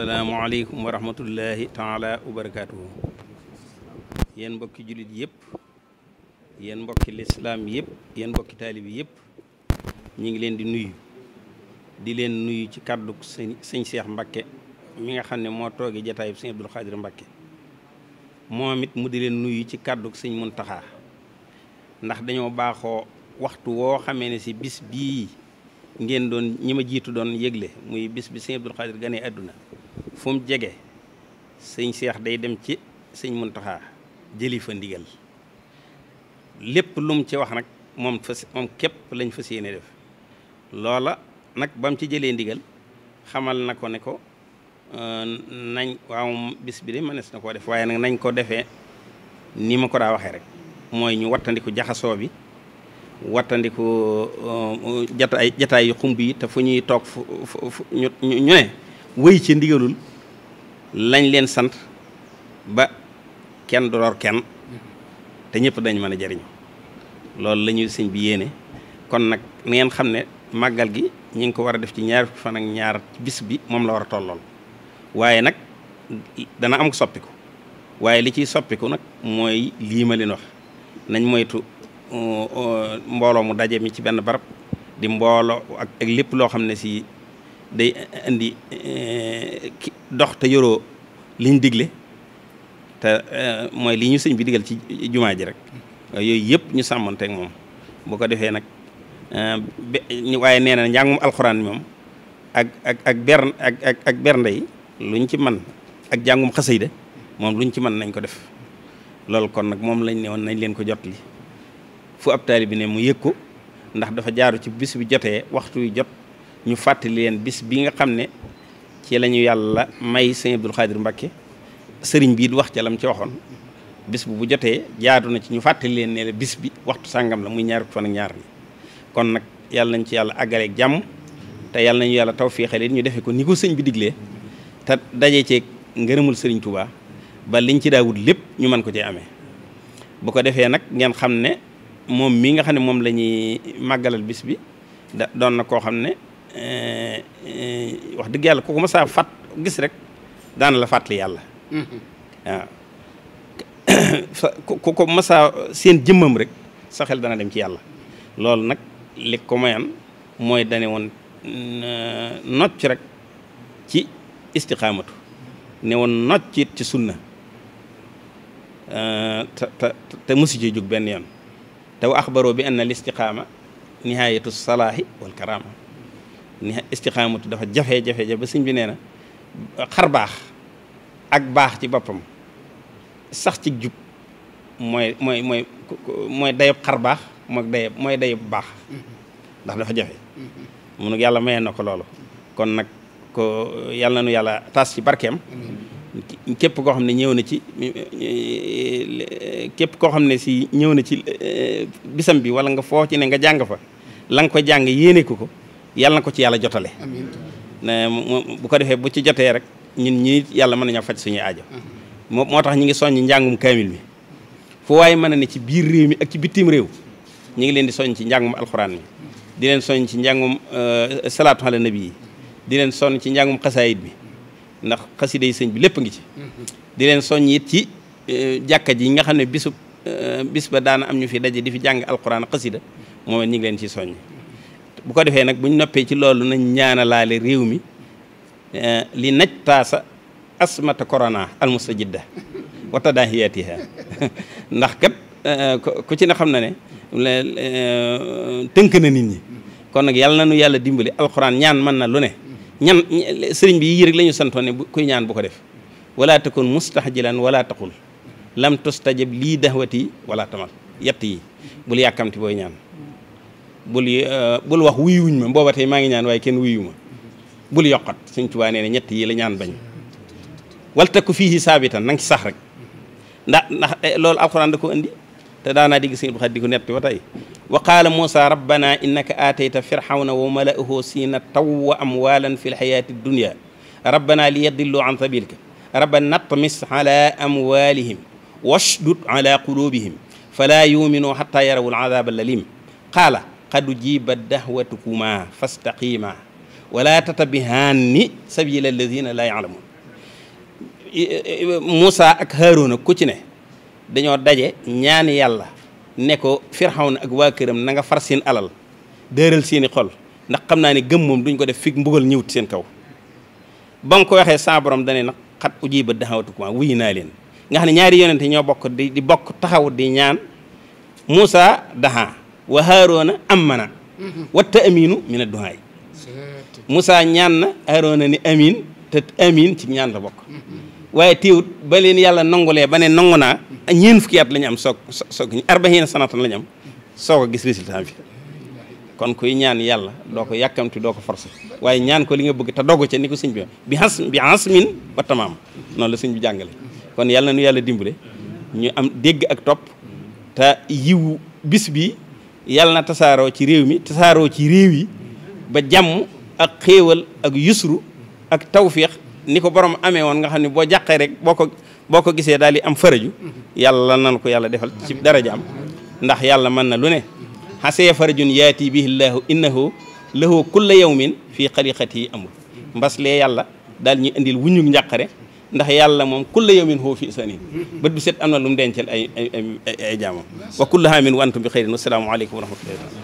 asalaamualeykum wa rahmatullahi taala wa barakaatuhu yéen mbokki jullit yépp yenn mbokki lislaam yëpp yéen mbokki taalib yépp ñu ngi leen di nuyu di leen nuyu ci kàddu sëñ sëñ Seex Mbakke mi nga xam ne moo toogi jataayub sëñ Abdul moom it mu di leen nuyu ci kàddu sëñ Muntaxa ndax dañoo baaxoo waxtu woo xamee ne si bis bii ngeen doon ñi ma jiitu doon yëgle muy bis bi sëñ Abdul Xaadir gane àdduna fu jege sëñ Seex day dem ci sëñ Muntaxa jëli fa ndigal lépp lu mu ci wax nag moom fas képp lañ fas yéene def loola nag bam ci jëlee ndigal xamal na ko ne ko euh, nañ waaw bis bi de mënees na koo def waaye nag nañ ko defee ni ma ko daa waxee rek mooy ñu wattandiku jaxasoo bi wattandiku euh, jataay jataay xumb yi te fu ñuy toog fu ñu ñu wéy ci ndigalul lañ leen sant ba kenn du lor kenn te ñëpp dañ mën a jariñu loolu lañuy ñuy sëñ bi yéene kon nag ngeen xam ne màggal gi ñu ngi ko war a def ci ñaar fan ak ñaar bis bi moom la war a tollool waaye nag dana am soppiku waaye li ciy soppiku nag mooy lii ma leen wax nañ moytu uh, uh, mbooloo mu daje mi ci benn barab di mbooloo ak lépp loo xam ne si day indi eh, dox te yoroo liñ digle te eh, mooy li ñu sëñ bi digal ci jumaa ji rek yooyu yëpp ñu sàmmanteek moom bu ko defee nag eh, waaye nee na njàngum alxuraan moom ak ak ak ber ak ak luñ ci man ak jàngum xasayda moom luñ ci mën nañ ko def loolu kon nag moom lañ ne woon nañ leen ko jot li fu ab taali bi ne mu yëg ko ndax dafa jaaru ci bis bi jotee waxtu wi jot ñu fàttali leen bis bi nga xam ne ci la ñu yàlla may sëñ Abdul Xaadir Mbakke sëriñ bi it wax ca mu ci waxoon bis bu bu jotee jaadu na ci ñu fàttali leen ne la bis bi waxtu sàngam la muy ñaari fan ak ñaar ni kon nag yàlla nañ ci yàlla àggaleeg jàmm te yàlla nañu yàlla taw tawféexale ñu defee ko ni ko sëñ bi diglee te daje cee ngërëmul sëriñ tubaa ba liñ ci daawut lépp ñu mën ko cee amee bu ko defee nag ngeen xam ne moom mii nga xam ne moom la màggalal bis bi na koo xam ne. Eh, eh, wax dëgg yàlla ku ko mos fat gis rek daana la fàttali yàlla mm-hmm. waaw ko mos seen jëmmam rek sa xel dana dem ci yàlla loolu nag li ko mooy dane woon mm, nocc rek ci istiqaamatu ne woon nocc it ci sunna eh, te te te mosu ci jóg benn yoon te wa bi anna l istiqaama nihaayatu salaahi wal karaama ni istixaamatu dafa jafe jafe jafe ba sëñ bi nee na xar baax ak baax ci boppam sax ci jub mooy mooy mooy mooy dayab xar baax mooy dayab mooy dayab baax ndax dafa jafe mu nag yàlla mayee na ko loolu kon nag ko yàlla nu yàlla taas ci barkeem képp koo xam ne ñëw na ci képp koo xam ne si ñëw na ci eh, bisam bi wala nga foo ci ne nga jàng fa la nga ko jàng yéene ko ko yàlla na ko ci yàlla jotale bu ko defee bu ci jotee rek ñun ñii yàlla mën nañoo faj suñuy aajo moo moo tax ñu ngi soññ njàngum kaamil mi fu waaye mën a ne ci biir réew mi ak ci bitim réew ñu ngi leen di soññ ci njàngum alxuraan mi di leen soññ ci njàngum euh, salaatu ala nabi yi di leen soññ ci njàngum xasaayit bi ndax xasida yi sëñ bi lépp ngi ci mm-hmm. di leen soññ yit ci euh, jàkka ji nga xam ne bisu euh, bis ba daana am ñu fi daje di fi jàng alxuraan xasida moom it ñu ngi leen ci soññ bu ko defee nag buñ noppee ci loolu nañ ñaana ñaanalaale réew mi eh, li naj taasa asmata corona almustajidda wa tadahiyatiha ndax kat eh, ku ci ne xam na ne eh, tënk na nit ñi kon nag yàlla nanu yàlla dimbali alxuraan ñaan mën na lu ne ñan sëriñ bi yii rek lañu ñu santoon ne kuy ñaan bu ko def wala takun mustahjilan wala taqul lam tustajib lii dahwati wala tamal yett yi bul yàkkamti booy ñaan bul euh, bul wax wuyuwuñ ma booba tey maa ngi ñaan waaye kenn wuyu bul yokkat suñ tubaa nee ne ñett yi la ñaan bañ wal takku fii saabitan na nga ci sax rek ndax ndax eh, loolu alxuraan da ko indi te daanaa digg sëñ bu xat di ko netti ba tey wa qaala muusa rabbana innaka aatayta firxawna wa mala'ahu siinatan wa amwalan fi lxayaati dunya rabbana li yadillu an sabilika rabbana natmis ala amwalihim washdud ala qulubihim falaa yuminu xata yarawu alalim xadu jiibat dahwatukuma fastaqima wala tatabihaanni sabila alladina la yaalamuun Moussa ak Haaruna ku ci dañoo daje ñaan yàlla ne ko Firxawn ak waa këram na nga far seen alal dëral seeni xol ndax xam naa ne gëm moom duñ ko def fig mbugal ñëwut seen kaw ba mu ko waxee sa borom dane nag xat ujiibat dahwatukuma wuyu naa leen nga xam ne ñaari yonente ñoo bokk di di bokk taxaw di ñaan Moussa daha wa haaroona ammana watta aminu min adduhaay Moussa ñaan na haaroona ni amin te amin ci ñaan la bokk waaye téewut ba leen yàlla nangulee ba ne nangu naa ñeen fukki at la ñu am soog soog arbaxiina sanatan la ñu am gis résultat bi kon kuy ñaan yàlla doo ko yàkkamti doo ko forcé waaye ñaan ko li nga bëgg te dogg ca ni ko sëñ bi bi xas bi xas min ba tamaam noonu la sëñ bi jàngale kon yàlla nu yàlla dimbale ñu am ak topp te yiwu bis bi yàlla na tasaaroo ci réew mi tasaaroo ci réew yi ba jàmm ak xéewal ak yusru ak tawfiix ni ko borom amee woon nga xam ne boo jàqee rek boo ko boo ko gisee daal di am faraju yàlla nan ko yàlla defal ci daraja am ndax yàlla mën na lu ne xasee farajun yaati bihi llaahu innahu lahu kulla yawmin fii xaliqati amul mbas lee yàlla daal ñuy indil wuñu njàqare ndax yàlla moom kulla yawmin huwa fi sanin bët bi set am na lu mu dencal ay ay ay jaamam wa kullu haamin wa antum bi xeyrin wassalaamu aleykum wa rahmatullahi